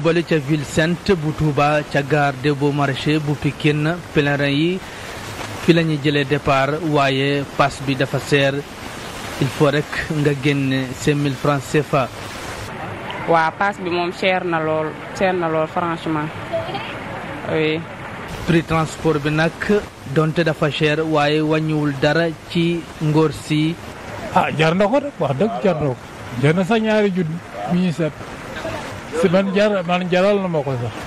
fubale ca ville sainte bu Touba ca gare des Beaux Maraîchers bu Pikine pèlerin yi fi la ñuy jëlee départ waaye pass bi dafa seer il faut rek nga génne 5000 francs CFA. waaw pass bi moom cher na lool cher na lool franchement oui. prix transport bi nag donte dafa cher waaye wàññiwul dara ci ngóor si. ah jar ko rek wax dëgg jar ko jar sa ñaari junni mi ñu seet. si man jar man jaral na ma ko